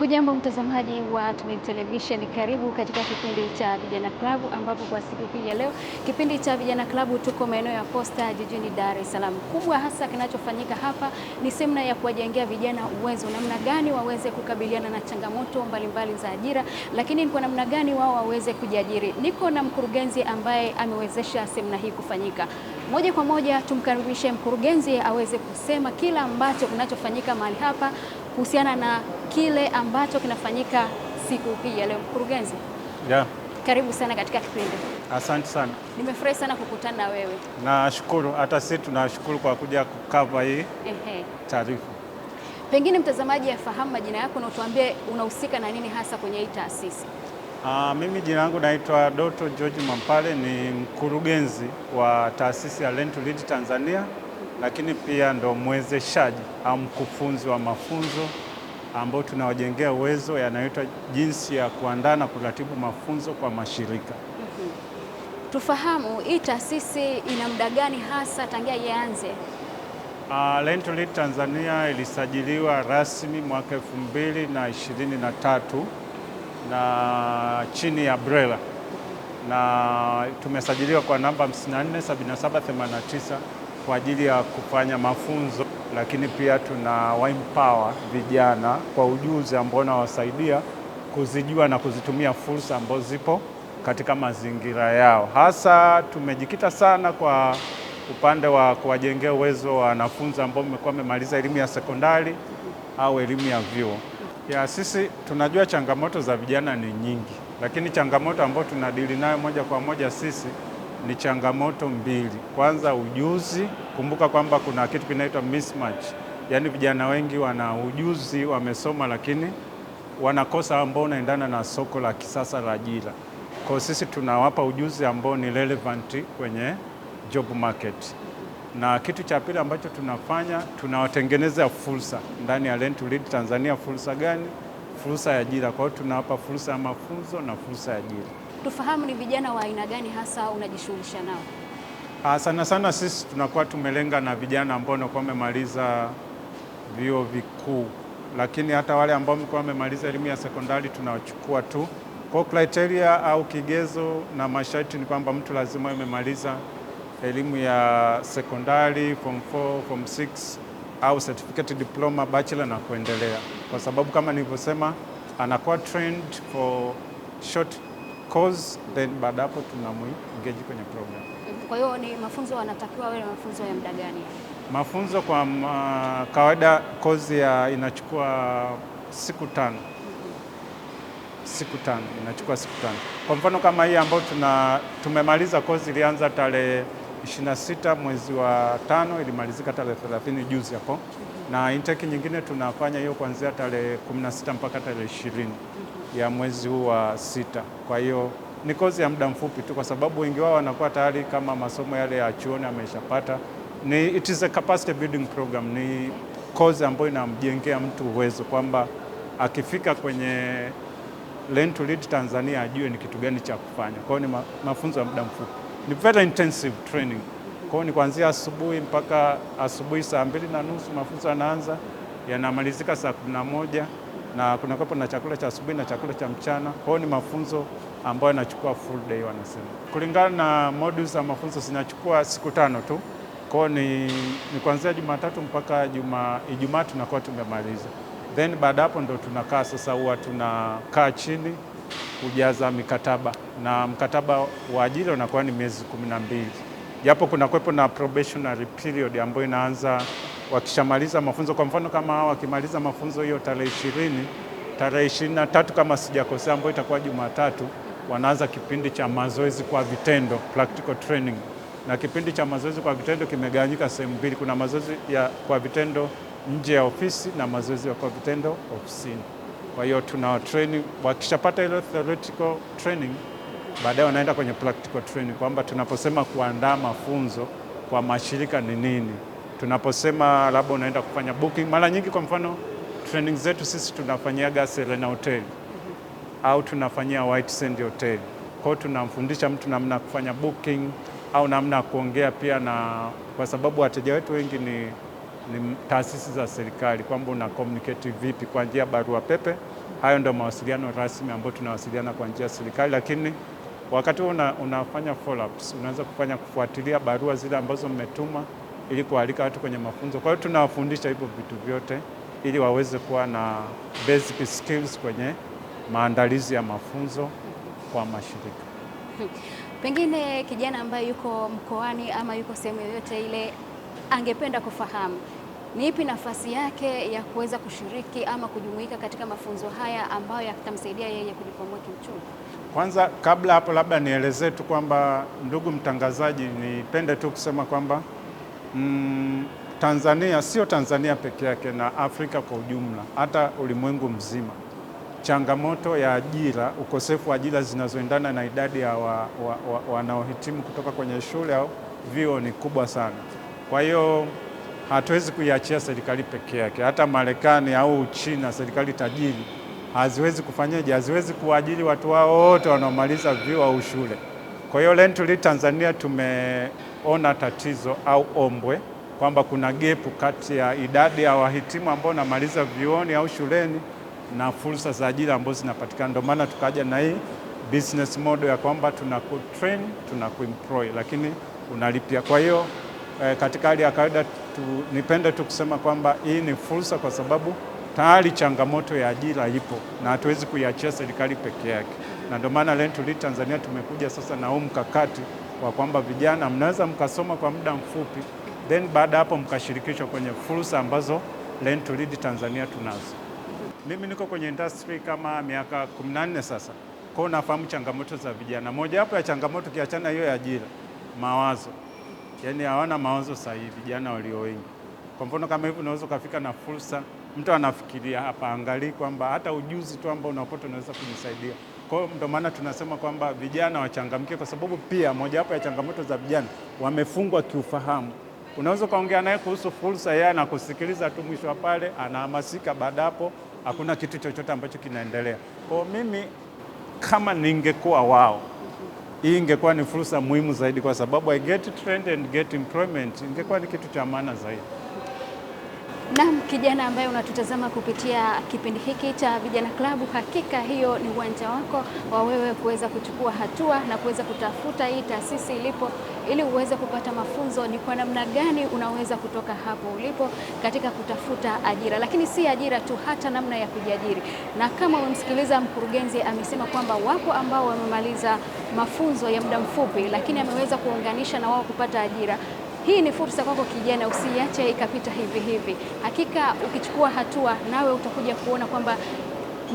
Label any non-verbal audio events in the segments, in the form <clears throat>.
Hujambo mtazamaji wa Tumaini Television, karibu katika kipindi cha Vijana Klabu, ambapo kwa siku hii ya leo kipindi cha Vijana Klabu tuko maeneo ya Posta jijini Dar es Salaam. Kubwa hasa kinachofanyika hapa ni semina ya kuwajengea vijana uwezo, namna gani waweze kukabiliana na changamoto mbalimbali za ajira, lakini ni kwa namna gani wao waweze kujiajiri. Niko na mkurugenzi ambaye amewezesha semina hii kufanyika. Moja kwa moja tumkaribishe mkurugenzi aweze kusema kila ambacho kinachofanyika mahali hapa kuhusiana na kile ambacho kinafanyika siku hii ya leo. Mkurugenzi, yeah. Karibu sana katika kipindi. Asante sana. Nimefurahi sana kukutana na wewe. Nashukuru, hata sisi tunashukuru kwa kuja kukava hii taarifa. Pengine mtazamaji afahamu majina yako na utuambie unahusika na nini hasa kwenye hii taasisi. Aa, ah, mimi jina langu naitwa Doto George Mampale, ni mkurugenzi wa taasisi ya Lend to Lead Tanzania lakini pia ndo mwezeshaji au mkufunzi wa mafunzo ambao tunawajengea uwezo yanayoitwa jinsi ya kuandaa na kuratibu mafunzo kwa mashirika. mm -hmm. Tufahamu hii taasisi ina muda gani hasa tangia ianze? Uh, ah, Learn to Lead Tanzania ilisajiliwa rasmi mwaka 2023 na na chini ya BRELA na tumesajiliwa kwa namba 547789 kwa ajili ya kufanya mafunzo, lakini pia tuna waempower vijana kwa ujuzi ambao unawasaidia kuzijua na kuzitumia fursa ambazo zipo katika mazingira yao. Hasa tumejikita sana kwa upande wa kuwajengea uwezo wa wanafunzi ambao mmekuwa mmemaliza elimu ya sekondari au elimu ya vyuo. Ya sisi tunajua changamoto za vijana ni nyingi, lakini changamoto ambayo tunadili nayo moja kwa moja sisi ni changamoto mbili. Kwanza ujuzi, kumbuka kwamba kuna kitu kinaitwa mismatch, yaani vijana wengi wana ujuzi, wamesoma lakini wanakosa ambao unaendana na soko la kisasa la ajira. Kwa sisi tunawapa ujuzi ambao ni relevant kwenye job market, na kitu cha pili ambacho tunafanya tunawatengeneza fursa ndani ya Learn to Lead Tanzania. Fursa gani? Fursa ya ajira. Kwa hiyo tunawapa fursa ya mafunzo na fursa ya ajira tufahamu ni vijana wa aina gani hasa unajishughulisha nao? Ah, sana sana sisi tunakuwa tumelenga na vijana ambao wanakuwa wamemaliza vyuo vikuu, lakini hata wale ambao mlikuwa wamemaliza elimu ya sekondari tunawachukua tu. Kwa criteria au kigezo na masharti ni kwamba mtu lazima amemaliza elimu ya sekondari form 4, form 6 au certificate diploma, bachelor na kuendelea, kwa sababu kama nilivyosema, anakuwa trained for short course then baada hapo tunamwengage kwenye program. Kwa hiyo ni mafunzo wanatakiwa wale mafunzo ya muda gani? Mafunzo kwa ma, uh, kawaida course ya inachukua siku tano mm-hmm. siku tano inachukua siku tano. Kwa mfano kama hii ambayo tuna tumemaliza kozi ilianza tarehe 26 mwezi wa tano ilimalizika tarehe 30 juzi hapo na intake nyingine tunafanya hiyo kuanzia tarehe 16 mpaka tarehe 20 ya mwezi huu wa sita. Kwa hiyo ni kozi ya muda mfupi tu, kwa sababu wengi wao wanakuwa tayari kama masomo yale ya chuoni ameshapata. Ni it is a capacity building program, ni kozi ambayo inamjengea mtu uwezo kwamba akifika kwenye Learn to Lead Tanzania ajue ni kitu gani cha kufanya. Kwa hiyo ni ma, mafunzo ya muda mfupi, ni very intensive training. Kwa hiyo ni kuanzia asubuhi mpaka asubuhi saa mbili na nusu mafunzo yanaanza, yanamalizika saa kumi na moja na na chakula cha asubuhi na chakula cha mchana. Kwa hiyo ni mafunzo ambayo yanachukua full day wanasema. Kulingana na modules za mafunzo zinachukua siku tano tu. Kwa hiyo ni, ni kuanzia Jumatatu mpaka Ijumaa Ijumaa tunakuwa tumemaliza, then baada hapo ndo tunakaa sasa, huwa tunakaa chini kujaza mikataba na mkataba wa ajira unakuwa ni miezi kumi na mbili japo kuna kuwepo na probationary period ambayo inaanza wakishamaliza mafunzo. Kwa mfano kama hao wakimaliza mafunzo hiyo tarehe ishirini, tarehe ishirini na tatu kama sijakosea, ambayo itakuwa Jumatatu, wanaanza kipindi cha mazoezi kwa vitendo, practical training. Na kipindi cha mazoezi kwa vitendo kimegawanyika sehemu mbili, kuna mazoezi ya kwa vitendo nje ya ofisi na mazoezi ya kwa vitendo ofisini. Kwa hiyo tuna training, wakishapata ile theoretical training baadaye wanaenda kwenye practical training, kwamba tunaposema kuandaa mafunzo kwa mashirika ni nini, tunaposema labda unaenda kufanya booking. Mara nyingi kwa mfano training zetu sisi tunafanyiaga Serena Hotel au tunafanyia White Sand Hotel. Kwao tunamfundisha mtu namna ya kufanya booking au namna ya kuongea pia, na kwa sababu wateja wetu wengi ni, ni taasisi za serikali, kwamba una communicate vipi kwa njia barua pepe. Hayo ndio mawasiliano rasmi ambayo tunawasiliana kwa njia ya serikali, lakini Wakati huo una, unafanya follow-ups, unaweza kufanya kufuatilia barua zile ambazo mmetuma ili kualika watu kwenye mafunzo. Kwa hiyo tunawafundisha hivyo vitu vyote ili waweze kuwa na basic skills kwenye maandalizi ya mafunzo kwa mashirika. Pengine kijana ambaye yuko mkoani ama yuko sehemu yoyote ile angependa kufahamu ni ipi nafasi yake ya kuweza kushiriki ama kujumuika katika mafunzo haya ambayo yatamsaidia yeye kujikwamua kiuchumi? Kwanza kabla hapo, labda nieleze tu kwamba ndugu mtangazaji, nipende tu kusema kwamba mm, Tanzania sio Tanzania peke yake na Afrika kwa ujumla, hata ulimwengu mzima, changamoto ya ajira, ukosefu wa ajira zinazoendana na idadi ya wanaohitimu wa, wa, wa kutoka kwenye shule au vyuo ni kubwa sana. Kwa hiyo hatuwezi kuiachia serikali peke yake. Hata Marekani au China, serikali tajiri haziwezi kufanyaje, haziwezi kuwaajiri watu wao wote wanaomaliza vyuo au shule. Kwa hiyo Learn to Lead Tanzania tumeona tatizo au ombwe kwamba kuna gepu kati ya idadi ya wahitimu ambao wanamaliza vyuoni au shuleni na fursa za ajira ambazo zinapatikana. Ndio maana tukaja na hii business model ya kwamba tunakutrain, employ lakini unalipia. Kwa hiyo eh, katika hali ya kawaida tu, nipende tu kusema kwamba hii ni fursa kwa sababu tayari changamoto ya ajira ipo na hatuwezi kuiachia serikali peke yake, na ndio maana Learn to Lead Tanzania tumekuja sasa na huu mkakati wa kwamba vijana mnaweza mkasoma kwa muda mfupi, then baada hapo mkashirikishwa kwenye fursa ambazo Learn to Lead Tanzania tunazo. Mimi niko kwenye industry kama miaka 14 sasa, kwao nafahamu changamoto za vijana. Mojawapo ya changamoto kiachana hiyo ya ajira, mawazo, yaani hawana mawazo sahihi vijana walio wengi. Kwa mfano kama hivi unaweza ukafika na fursa mtu anafikiria hapa, angalii kwamba hata ujuzi tu ambao unapata unaweza kunisaidia. Kwa hiyo ndio maana tunasema kwamba vijana wachangamke, kwa sababu pia mojawapo ya changamoto za vijana wamefungwa kiufahamu. Unaweza ukaongea naye kuhusu fursa, yeye anakusikiliza tu, mwisho wa pale anahamasika, baada hapo hakuna kitu chochote ambacho kinaendelea. Kwa mimi kama ningekuwa wao, hii ingekuwa ni fursa muhimu zaidi, kwa sababu I get trend and get employment ingekuwa ni kitu cha maana zaidi. Naam, kijana ambaye unatutazama kupitia kipindi hiki cha Vijana Klabu, hakika hiyo ni uwanja wako wa wewe kuweza kuchukua hatua na kuweza kutafuta hii taasisi ilipo ili uweze kupata mafunzo ni kwa namna gani unaweza kutoka hapo ulipo katika kutafuta ajira, lakini si ajira tu, hata namna ya kujiajiri. Na kama umemsikiliza mkurugenzi, amesema kwamba wapo ambao wamemaliza mafunzo ya muda mfupi, lakini ameweza kuunganisha na wao kupata ajira hii ni fursa kwako kijana, usiache ikapita hivi hivi. Hakika ukichukua hatua, nawe utakuja kuona kwamba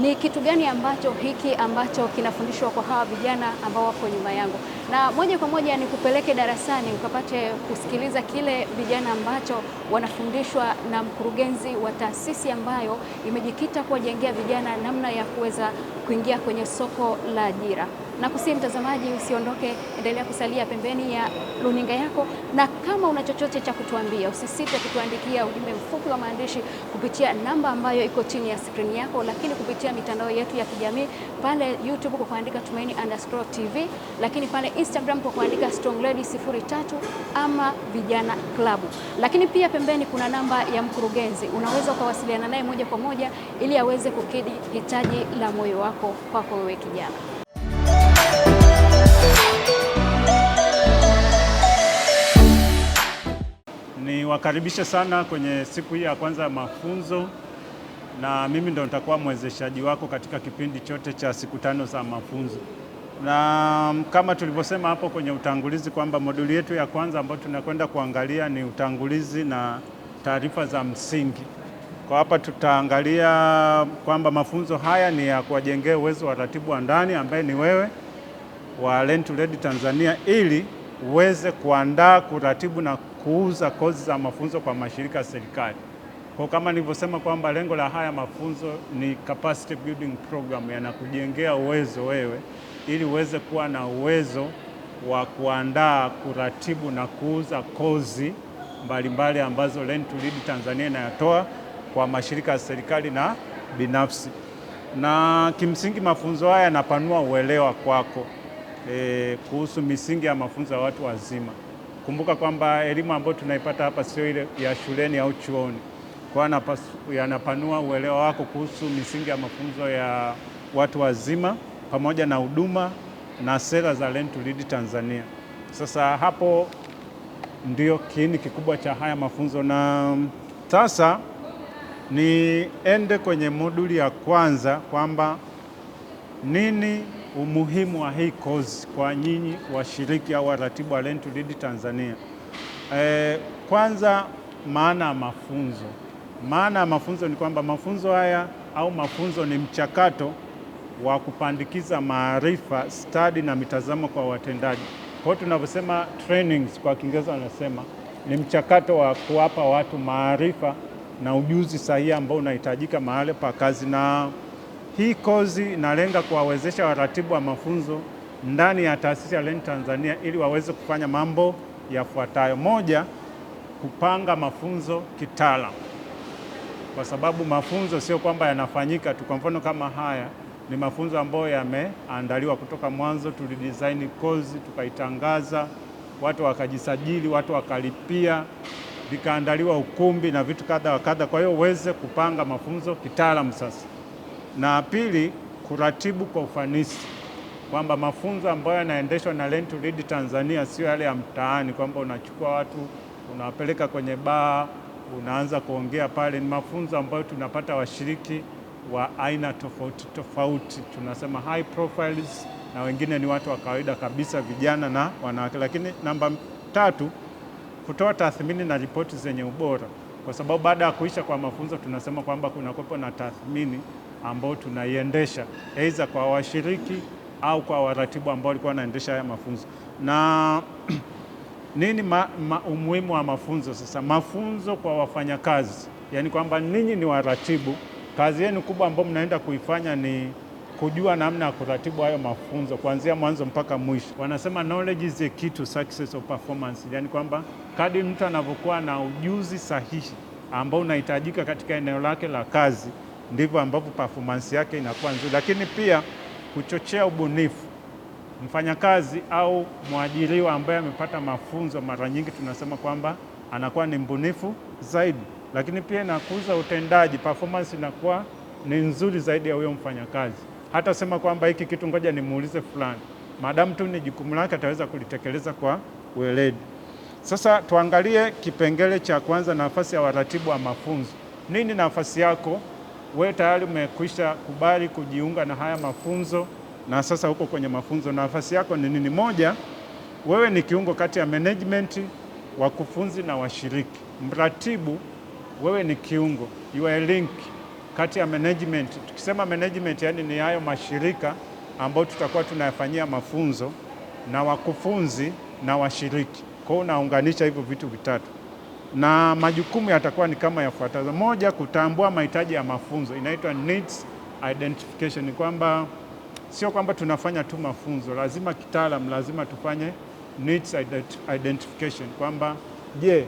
ni kitu gani ambacho hiki ambacho kinafundishwa kwa hawa vijana ambao wako nyuma yangu, na moja kwa moja nikupeleke darasani ukapate kusikiliza kile vijana ambacho wanafundishwa na mkurugenzi wa taasisi ambayo imejikita kuwajengea vijana namna ya kuweza kuingia kwenye soko la ajira na kusihi mtazamaji usiondoke, endelea kusalia pembeni ya runinga yako, na kama una chochote cha kutuambia usisite kutuandikia ujumbe mfupi wa maandishi kupitia namba ambayo iko chini ya skrini yako, lakini kupitia mitandao yetu ya kijamii pale YouTube kwa kuandika Tumaini underscore TV, lakini pale Instagram kwa kuandika Strong Lady 03 ama Vijana Klabu. Lakini pia pembeni kuna namba ya mkurugenzi, unaweza ukawasiliana naye moja kwa moja ili aweze kukidhi hitaji la moyo wako kwako wewe kijana. Niwakaribishe sana kwenye siku hii ya kwanza ya mafunzo, na mimi ndo nitakuwa mwezeshaji wako katika kipindi chote cha siku tano za mafunzo. Na kama tulivyosema hapo kwenye utangulizi kwamba moduli yetu ya kwanza ambayo tunakwenda kuangalia ni utangulizi na taarifa za msingi. Kwa hapa tutaangalia kwamba mafunzo haya ni ya kuwajengea uwezo wa ratibu wa ndani ambaye ni wewe wa Learn to Lead Tanzania ili uweze kuandaa, kuratibu na kuuza kozi za mafunzo kwa mashirika ya serikali. Kwa kama nilivyosema kwamba lengo la haya mafunzo ni capacity building program, yanakujengea uwezo wewe ili uweze kuwa na uwezo wa kuandaa, kuratibu na kuuza kozi mbalimbali ambazo Learn to Lead Tanzania inayotoa kwa mashirika ya serikali na binafsi. Na kimsingi mafunzo haya yanapanua uelewa kwako e, kuhusu misingi ya mafunzo ya watu wazima. Kumbuka kwamba elimu ambayo tunaipata hapa sio ile ya shuleni au chuoni, kwa yanapanua uelewa wako kuhusu misingi ya mafunzo ya watu wazima pamoja na huduma na sera za Learn to Lead Tanzania. Sasa hapo ndio kiini kikubwa cha haya mafunzo, na sasa niende kwenye moduli ya kwanza kwamba nini umuhimu wa hii kozi kwa nyinyi washiriki au waratibu wa Learn to Lead Tanzania. E, kwanza maana ya mafunzo. Maana ya mafunzo ni kwamba mafunzo haya au mafunzo ni mchakato wa kupandikiza maarifa, stadi na mitazamo kwa watendaji. Kwa hiyo tunavyosema trainings kwa Kiingereza wanasema ni mchakato wa kuwapa watu maarifa na ujuzi sahihi ambao unahitajika mahali pa kazi na hii kozi inalenga kuwawezesha waratibu wa mafunzo ndani ya taasisi ya Leni Tanzania ili waweze kufanya mambo yafuatayo. Moja, kupanga mafunzo kitaalamu, kwa sababu mafunzo sio kwamba yanafanyika tu. Kwa mfano kama haya ni mafunzo ambayo yameandaliwa kutoka mwanzo, tulidesign kozi tukaitangaza, watu wakajisajili, watu wakalipia, vikaandaliwa ukumbi na vitu kadha wa kadha. Kwa hiyo uweze kupanga mafunzo kitaalamu sasa na pili, kuratibu kwa ufanisi kwamba mafunzo ambayo yanaendeshwa na Learn to Lead Tanzania sio yale ya mtaani, kwamba unachukua watu unawapeleka kwenye baa unaanza kuongea pale. Ni mafunzo ambayo tunapata washiriki wa aina tofauti tofauti, tunasema high profiles, na wengine ni watu wa kawaida kabisa, vijana na wanawake. Lakini namba tatu, kutoa tathmini na ripoti zenye ubora, kwa sababu baada ya kuisha kwa mafunzo tunasema kwamba kuna kunakuwepo na tathmini ambao tunaiendesha aidha kwa washiriki au kwa waratibu ambao walikuwa wanaendesha haya mafunzo. Na <clears throat> nini ma, ma, umuhimu wa mafunzo sasa? Mafunzo kwa wafanyakazi, yaani kwamba ninyi ni waratibu, kazi yenu kubwa ambayo mnaenda kuifanya ni kujua namna ya kuratibu hayo mafunzo kuanzia mwanzo mpaka mwisho. Wanasema knowledge is the key to success of performance, yani kwamba kadri mtu anavyokuwa na ujuzi sahihi ambao unahitajika katika eneo lake la kazi ndivyo ambavyo performance yake inakuwa nzuri, lakini pia kuchochea ubunifu. Mfanyakazi au mwajiriwa ambaye amepata mafunzo, mara nyingi tunasema kwamba anakuwa ni mbunifu zaidi, lakini pia inakuza utendaji, performance inakuwa ni nzuri zaidi ya huyo mfanyakazi. Hata sema kwamba hiki kitu ngoja nimuulize fulani, maadamu tu ni jukumu lake, ataweza kulitekeleza kwa weledi. Sasa tuangalie kipengele cha kwanza, nafasi ya waratibu wa mafunzo. Nini nafasi yako wewe tayari umekwisha kubali kujiunga na haya mafunzo na sasa uko kwenye mafunzo, nafasi yako ni nini? Moja, wewe ni kiungo kati ya management, wakufunzi na washiriki. Mratibu, wewe ni kiungo, you are link kati ya management. Tukisema management, yani ni hayo mashirika ambayo tutakuwa tunayafanyia mafunzo na wakufunzi na washiriki. Kwa hiyo unaunganisha hivyo vitu vitatu na majukumu yatakuwa ni kama yafuatazo. Moja, kutambua mahitaji ya mafunzo, inaitwa needs identification. Ni kwamba sio kwamba tunafanya tu mafunzo, lazima kitaalam, lazima tufanye needs identification kwamba je,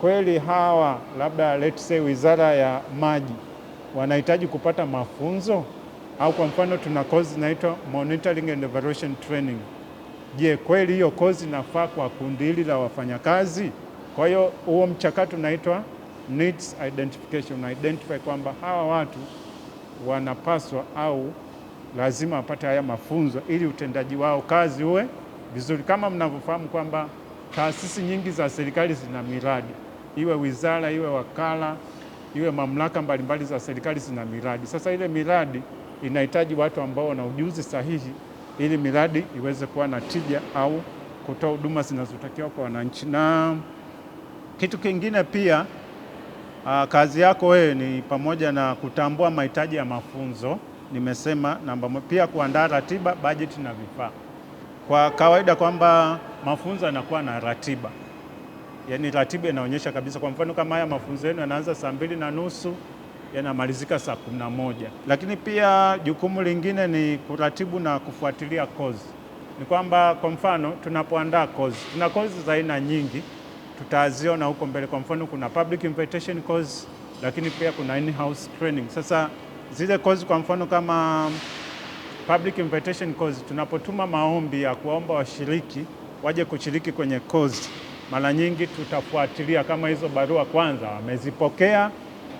kweli hawa labda let's say wizara ya maji wanahitaji kupata mafunzo au kwa mfano tuna kozi inaitwa monitoring and evaluation training. Je, kweli hiyo kozi inafaa kwa kundi hili la wafanyakazi? Kwa hiyo huo mchakato unaitwa needs identification, una identify kwamba hawa watu wanapaswa au lazima wapate haya mafunzo ili utendaji wao kazi uwe vizuri, kama mnavyofahamu kwamba taasisi nyingi za serikali zina miradi, iwe wizara, iwe wakala, iwe mamlaka mbalimbali za serikali zina miradi. Sasa ile miradi inahitaji watu ambao wana ujuzi sahihi ili miradi iweze kuwa na tija au kutoa huduma zinazotakiwa kwa wananchi na kitu kingine pia uh, kazi yako wewe ni pamoja na kutambua mahitaji ya mafunzo, nimesema namba moja. Pia kuandaa ratiba, bajeti na vifaa. Kwa kawaida kwamba mafunzo yanakuwa na ratiba, yaani ratiba inaonyesha kabisa. Kwa mfano kama haya mafunzo yenu yanaanza saa mbili na nusu yanamalizika saa kumi na moja. Lakini pia jukumu lingine ni kuratibu na kufuatilia kozi. Ni kwamba kwa mfano tunapoandaa kozi, tuna kozi za aina nyingi tutaziona huko mbele. Kwa mfano, kuna public invitation course, lakini pia kuna in-house training. Sasa zile course kwa mfano kama public invitation course, tunapotuma maombi ya kuwaomba washiriki waje kushiriki kwenye course, mara nyingi tutafuatilia kama hizo barua kwanza wamezipokea,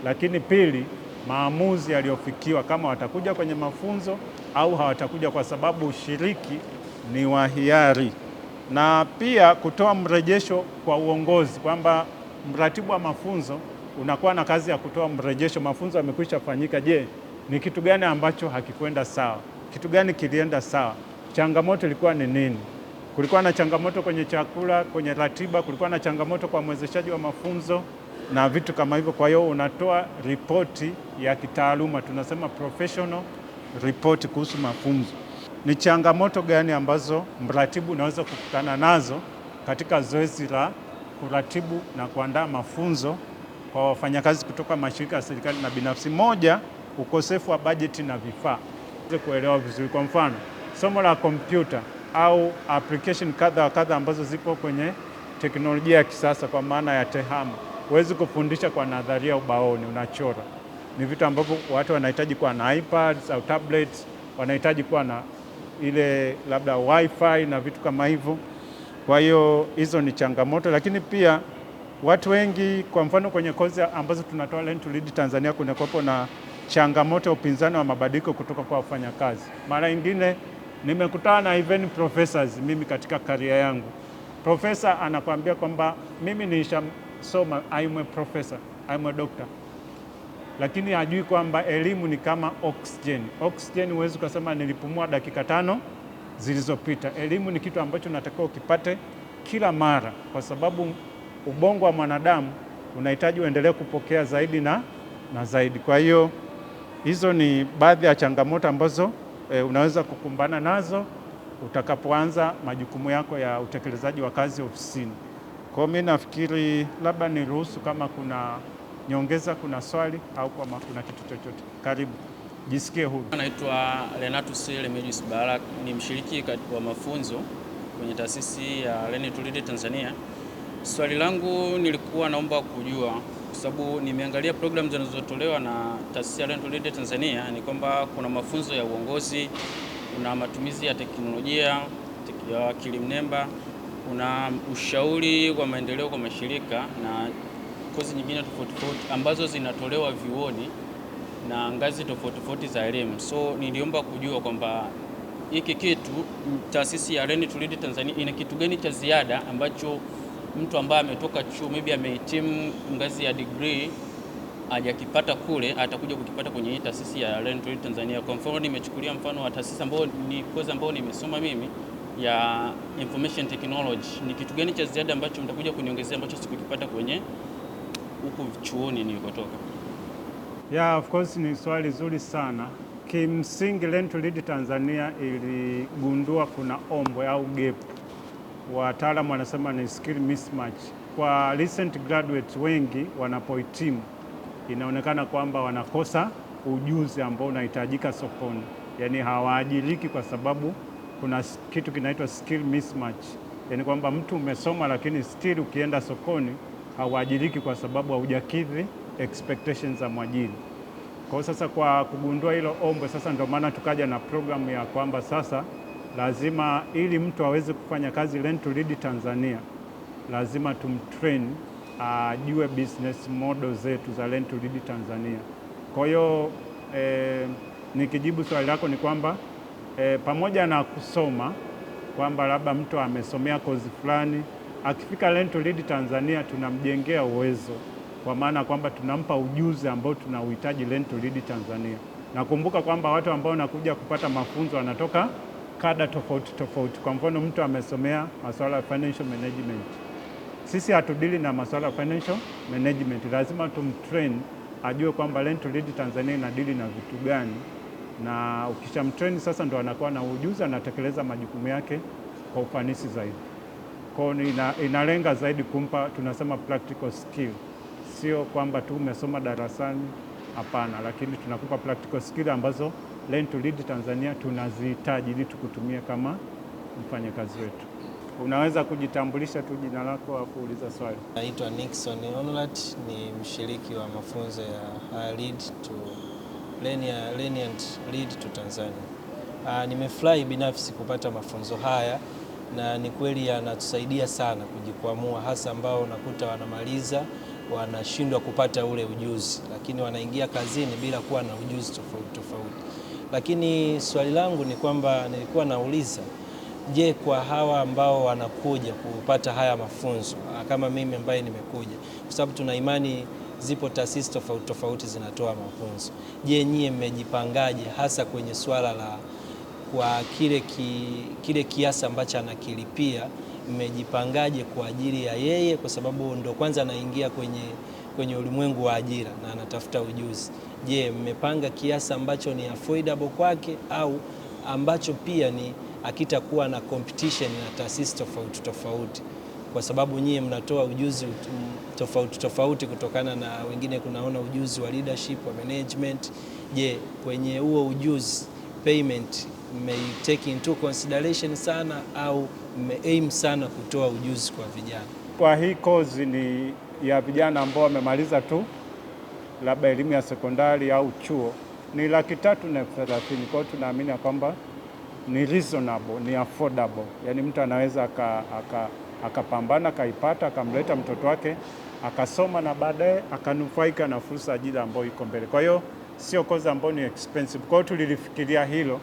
lakini pili maamuzi yaliyofikiwa kama watakuja kwenye mafunzo au hawatakuja, kwa sababu ushiriki ni wa hiari na pia kutoa mrejesho kwa uongozi kwamba mratibu wa mafunzo unakuwa na kazi ya kutoa mrejesho, mafunzo yamekwisha fanyika. Je, ni kitu gani ambacho hakikwenda sawa? Kitu gani kilienda sawa? Changamoto ilikuwa ni nini? Kulikuwa na changamoto kwenye chakula, kwenye ratiba, kulikuwa na changamoto kwa mwezeshaji wa mafunzo na vitu kama hivyo. Kwa hiyo unatoa ripoti ya kitaaluma, tunasema professional report kuhusu mafunzo ni changamoto gani ambazo mratibu unaweza kukutana nazo katika zoezi la kuratibu na kuandaa mafunzo kwa wafanyakazi kutoka mashirika ya serikali na binafsi. Moja, ukosefu wa bajeti na vifaa kuelewa vizuri. Kwa mfano, somo la kompyuta au application kadha wa kadha ambazo zipo kwenye teknolojia ya kisasa kwa maana ya tehama, huwezi kufundisha kwa nadharia ubaoni, unachora. Ni vitu ambavyo watu wanahitaji kuwa na iPads au tablets, wanahitaji kuwa na ile labda wifi na vitu kama hivyo. Kwa hiyo hizo ni changamoto, lakini pia watu wengi, kwa mfano kwenye kozi ambazo tunatoa Learn to Lead Tanzania, kunakuwepo na changamoto ya upinzani wa mabadiliko kutoka kwa wafanyakazi. Mara nyingine nimekutana na even professors mimi katika karia yangu, profesa anakuambia kwamba mimi nishasoma I'm a professor, I'm a doctor lakini hajui kwamba elimu ni kama oxygen. Oxygen huwezi kusema nilipumua dakika tano zilizopita. Elimu ni kitu ambacho unatakiwa ukipate kila mara, kwa sababu ubongo wa mwanadamu unahitaji uendelee kupokea zaidi na, na zaidi. Kwa hiyo hizo ni baadhi ya changamoto ambazo e, unaweza kukumbana nazo utakapoanza majukumu yako ya utekelezaji wa kazi ofisini. Kwa hiyo mimi nafikiri labda niruhusu kama kuna Niongeza, kuna swali au kama kuna kitu chochote, karibu, jisikie huru. Naitwa Renatus Remedius Barak, ni mshiriki wa mafunzo kwenye taasisi ya Learn to Lead Tanzania. Swali langu nilikuwa naomba kujua kwa sababu nimeangalia programu zinazotolewa na taasisi ya Learn to Lead Tanzania, ni kwamba kuna mafunzo ya uongozi, kuna matumizi ya teknolojia ya akili mnemba, kuna ushauri wa maendeleo kwa mashirika na kozi nyingine tofauti tofauti ambazo zinatolewa vyuoni na ngazi tofauti tofauti za elimu. So niliomba kujua kwamba hiki kitu taasisi ya Learn to Lead Tanzania ina kitu gani cha ziada ambacho mtu ambaye ametoka chuo maybe amehitimu ngazi ya degree hajakipata kule, atakuja kukipata kwenye hii taasisi ya Learn to Lead Tanzania. Kwa mfano, nimechukulia mfano wa taasisi ambayo ni kozi ambayo nimesoma mimi ya information technology, ni kitu gani cha ziada ambacho mtakuja kuniongezea ambacho sikukipata kwenye huku chuoni nilikotoka. Yeah, of course ni swali zuri sana. Kimsingi Learn to Lead Tanzania iligundua kuna ombwe au gap, wataalamu wanasema ni skill mismatch kwa recent graduates wengi wanapohitimu, inaonekana kwamba wanakosa ujuzi ambao unahitajika sokoni, yaani hawaajiriki kwa sababu kuna kitu kinaitwa skill mismatch, yaani kwamba mtu umesoma lakini still ukienda sokoni hauajiriki kwa sababu haujakidhi expectations za mwajiri. Kwa sasa kwa kugundua hilo ombwe, sasa ndio maana tukaja na programu ya kwamba sasa lazima ili mtu aweze kufanya kazi Learn to Lead Tanzania lazima tumtrain ajue uh, business model zetu za Learn to Lead Tanzania. Kwa hiyo eh, nikijibu swali lako ni kwamba eh, pamoja na kusoma kwamba labda mtu amesomea kozi fulani akifika Learn to Lead Tanzania tunamjengea uwezo, kwa maana kwamba tunampa ujuzi ambao tunauhitaji Learn to Lead Tanzania. Nakumbuka kwamba watu ambao wanakuja kupata mafunzo wanatoka kada tofauti tofauti. Kwa mfano, mtu amesomea masuala ya financial management, sisi hatudili na masuala ya financial management, lazima tumtrain ajue kwamba Learn to Lead Tanzania inadili na vitu gani, na ukishamtrain sasa ndo anakuwa na ujuzi, anatekeleza majukumu yake kwa ufanisi zaidi sokoni na inalenga zaidi kumpa tunasema practical skill, sio kwamba tu umesoma darasani, hapana, lakini tunakupa practical skill ambazo Learn to Lead Tanzania tunazihitaji ili tukutumie kama mfanyakazi wetu. Unaweza kujitambulisha tu jina lako au kuuliza swali. Naitwa Nixon Onlat, ni mshiriki wa mafunzo ya Lead to Learn and Lead to Tanzania. Ah, nimefurahi binafsi kupata mafunzo haya na ni kweli yanatusaidia sana kujikwamua, hasa ambao unakuta wanamaliza wanashindwa kupata ule ujuzi, lakini wanaingia kazini bila kuwa na ujuzi tofauti tofauti. Lakini swali langu ni kwamba nilikuwa nauliza, je, kwa hawa ambao wanakuja kupata haya mafunzo kama mimi ambaye nimekuja, kwa sababu tuna imani zipo taasisi tofauti tofauti zinatoa mafunzo, je, nyie mmejipangaje hasa kwenye swala la kwa kile, ki, kile kiasi ambacho anakilipia mmejipangaje kwa ajili ya yeye, kwa sababu ndo kwanza anaingia kwenye, kwenye ulimwengu wa ajira na anatafuta ujuzi. Je, mmepanga kiasi ambacho ni affordable kwake au ambacho pia ni akitakuwa na competition na taasisi tofauti tofauti, kwa sababu nyie mnatoa ujuzi tofauti tofauti kutokana na wengine, kunaona ujuzi wa leadership wa management. Je, kwenye huo ujuzi payment take into consideration sana au mmeaim sana kutoa ujuzi kwa vijana? Kwa hii kozi ni ya vijana ambao wamemaliza tu labda elimu ya sekondari au chuo ni laki tatu na elfu thelathini. Kwa hiyo tunaamini kwamba ni reasonable, ni affordable, yaani mtu anaweza akapambana aka, aka akaipata akamleta mtoto wake akasoma na baadaye akanufaika na fursa ajira ambayo iko mbele. Kwa hiyo sio kozi ambayo ni expensive. Kwa hiyo tulilifikiria hilo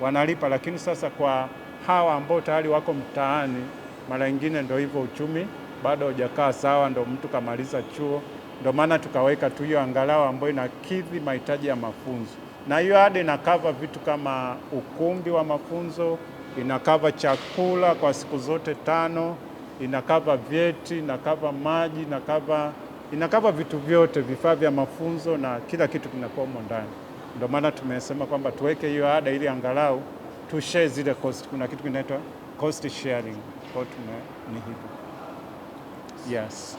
wanalipa, lakini sasa kwa hawa ambao tayari wako mtaani, mara nyingine ndio hivyo, uchumi bado hujakaa sawa, ndo mtu kamaliza chuo. Ndio maana tukaweka tu hiyo angalau ambayo inakidhi mahitaji ya mafunzo, na hiyo ada inakava vitu kama ukumbi wa mafunzo, inakava chakula kwa siku zote tano, inakava vyeti, inakava maji, inakava inakava vitu vyote, vifaa vya mafunzo na kila kitu kinakuwa humo ndani. Ndio maana tumesema kwamba tuweke hiyo ada ili angalau tu share zile cost. Kuna kitu kinaitwa cost sharing, kwa tume ni hivyo. Yes.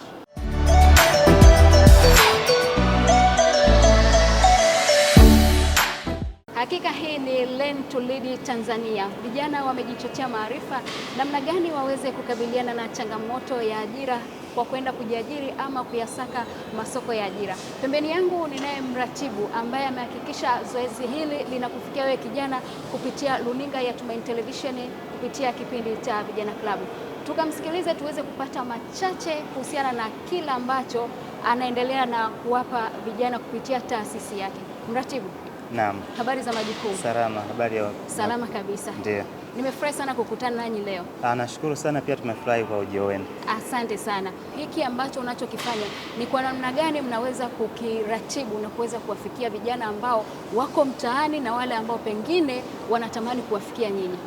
Learn to Lead Tanzania, vijana wamejichochea maarifa namna gani waweze kukabiliana na changamoto ya ajira kwa kwenda kujiajiri ama kuyasaka masoko ya ajira. Pembeni yangu ninaye mratibu ambaye amehakikisha zoezi hili linakufikia wewe kijana kupitia luninga ya Tumaini Television kupitia kipindi cha Vijana Klabu. Tukamsikilize tuweze kupata machache kuhusiana na kila ambacho anaendelea na kuwapa vijana kupitia taasisi yake. Mratibu, Naam. Habari za majukuu? Salama, habari ya salama kabisa. Ndio. Nimefurahi sana kukutana nanyi leo. Ah, nashukuru sana pia tumefurahi kwa ujio wenu. Asante sana. Hiki ambacho unachokifanya ni kwa namna gani mnaweza kukiratibu na kuweza kuwafikia vijana ambao wako mtaani na wale ambao pengine wanatamani kuwafikia nyinyi?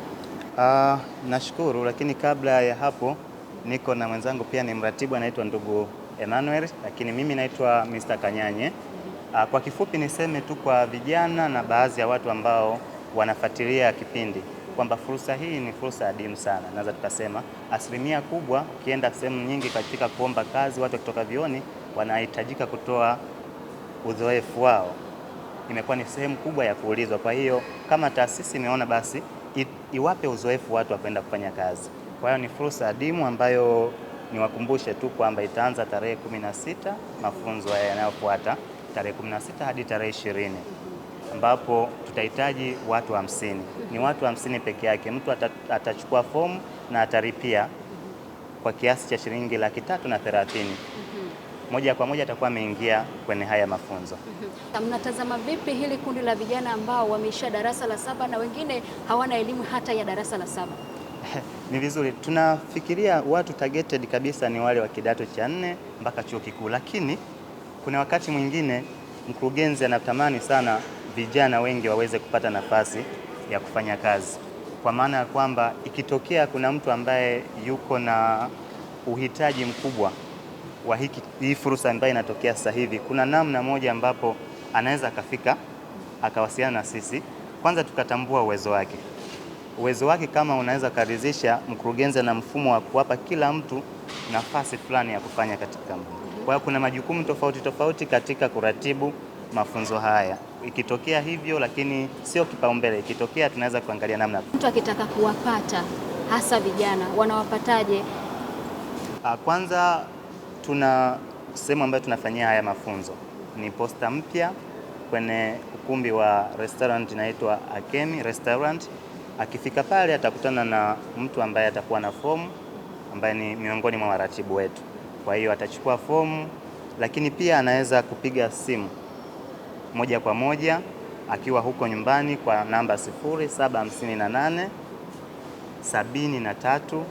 Ah, nashukuru, lakini kabla ya hapo niko na mwenzangu pia ni mratibu anaitwa ndugu Emmanuel, lakini mimi naitwa Mr. Kanyanye. Ah, kwa kifupi niseme tu kwa vijana na baadhi ya watu ambao wanafuatilia kipindi kwamba fursa hii ni fursa adimu sana, naweza tukasema asilimia kubwa. Ukienda sehemu nyingi katika kuomba kazi, watu wakitoka vioni wanahitajika kutoa uzoefu wao, imekuwa ni sehemu kubwa ya kuulizwa. Kwa hiyo kama taasisi imeona basi iwape uzoefu watu wa kwenda kufanya kazi. Kwa hiyo ni fursa adimu ambayo niwakumbushe tu kwamba itaanza tarehe kumi na sita mafunzo yanayofuata tarehe 16 hadi tarehe 20 ambapo tutahitaji watu hamsini. Ni watu hamsini peke yake. Mtu atachukua fomu na ataripia kwa kiasi cha shilingi laki tatu na thelathini moja kwa moja atakuwa ameingia kwenye haya mafunzo. Mnatazama vipi hili kundi la vijana ambao wameisha darasa la saba na wengine hawana elimu hata ya darasa la saba? <laughs> Ni vizuri, tunafikiria watu targeted kabisa ni wale wa kidato cha nne mpaka chuo kikuu, lakini kuna wakati mwingine mkurugenzi anatamani sana vijana wengi waweze kupata nafasi ya kufanya kazi, kwa maana ya kwamba ikitokea kuna mtu ambaye yuko na uhitaji mkubwa wa hiki hii fursa ambayo inatokea sasa hivi, kuna namna moja ambapo anaweza akafika akawasiliana na sisi, kwanza tukatambua uwezo wake. Uwezo wake kama unaweza ukaridhisha, mkurugenzi ana mfumo wa kuwapa kila mtu nafasi fulani ya kufanya katika kampuni. Kwa hiyo kuna majukumu tofauti tofauti katika kuratibu mafunzo haya. Ikitokea hivyo, lakini sio kipaumbele, ikitokea tunaweza kuangalia namna mtu akitaka kuwapata hasa vijana wanawapataje? Ah, kwanza tuna sehemu ambayo tunafanyia haya mafunzo ni posta mpya kwenye ukumbi wa restaurant inaitwa Akemi Restaurant. Akifika pale atakutana na mtu ambaye atakuwa na fomu ambaye ni miongoni mwa waratibu wetu. Kwa hiyo atachukua fomu, lakini pia anaweza kupiga simu moja kwa moja akiwa huko nyumbani kwa namba 0758 73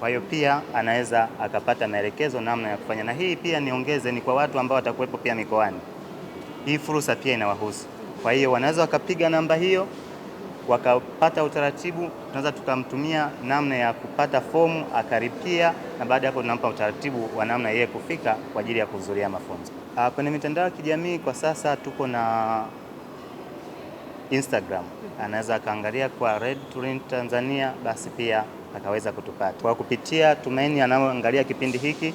Kwa hiyo pia anaweza akapata maelekezo namna ya kufanya, na hii pia niongeze, ni kwa watu ambao watakuwepo pia mikoani. Hii fursa pia inawahusu. Kwa hiyo wanaweza wakapiga namba hiyo wakapata utaratibu, tunaweza tukamtumia namna ya kupata fomu akaripia na baada ya hapo tunampa utaratibu wa namna yeye kufika kwa ajili ya kuhudhuria mafunzo. Ah, kwenye mitandao ya kijamii kwa sasa tuko na Instagram, anaweza akaangalia kwa Red to Tanzania, basi pia akaweza kutupata kwa kupitia Tumaini anaoangalia kipindi hiki.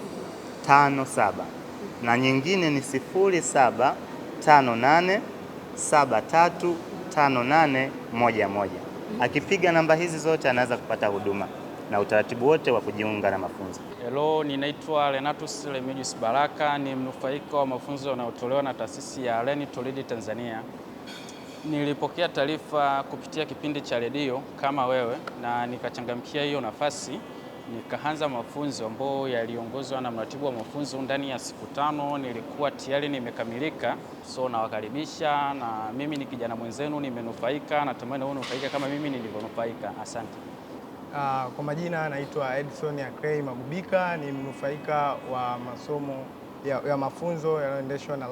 tano saba na nyingine ni sifuri saba tano nane saba tatu tano nane moja moja. Mhm. Akipiga namba hizi zote anaweza kupata huduma na utaratibu wote wa kujiunga na mafunzo. Hello, ninaitwa Renatus Remigius Baraka, ni mnufaika wa mafunzo yanayotolewa na taasisi ya Learn to Lead Tanzania. Nilipokea taarifa kupitia kipindi cha redio kama wewe na nikachangamkia hiyo nafasi nikaanza mafunzo ambayo yaliongozwa na mratibu wa mafunzo. Ndani ya siku tano nilikuwa tayari nimekamilika, so nawakaribisha, na mimi ni kijana mwenzenu, nimenufaika, natamani unufaika kama mimi nilivyonufaika. Asante. Uh, kwa majina naitwa Edson Acrey Magubika, ni mnufaika wa masomo ya, ya mafunzo yanayoendeshwa na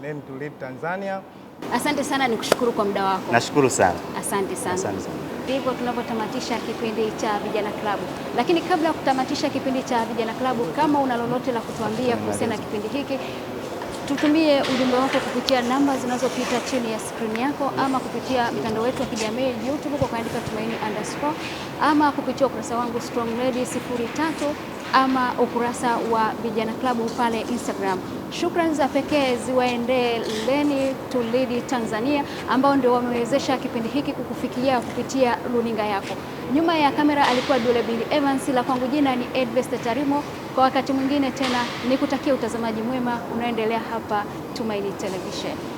Learn to Lead Tanzania. Asante sana, nikushukuru kwa muda wako. Nashukuru sana. Asante sana. Asante sana. Ndivyo tunavyotamatisha kipindi cha Vijana Klabu, lakini kabla ya kutamatisha kipindi cha Vijana Klabu, kama una lolote la kutuambia kuhusiana na kipindi hiki tutumie ujumbe wako kupitia namba zinazopita chini ya skrini yako ama kupitia mitandao wetu ya kijamii YouTube kwa kuandika Tumaini underscore ama kupitia ukurasa wangu Strong Lady 03 ama ukurasa wa Vijana Klabu pale Instagram. Shukrani za pekee ziwaendee Leni Tulidi Tanzania ambao ndio wamewezesha kipindi hiki kukufikia kupitia runinga yako. Nyuma ya kamera alikuwa Dule Bili Evans, la kwangu jina ni Edvest Tarimo. Kwa wakati mwingine tena nikutakia utazamaji mwema unaoendelea hapa Tumaini Television.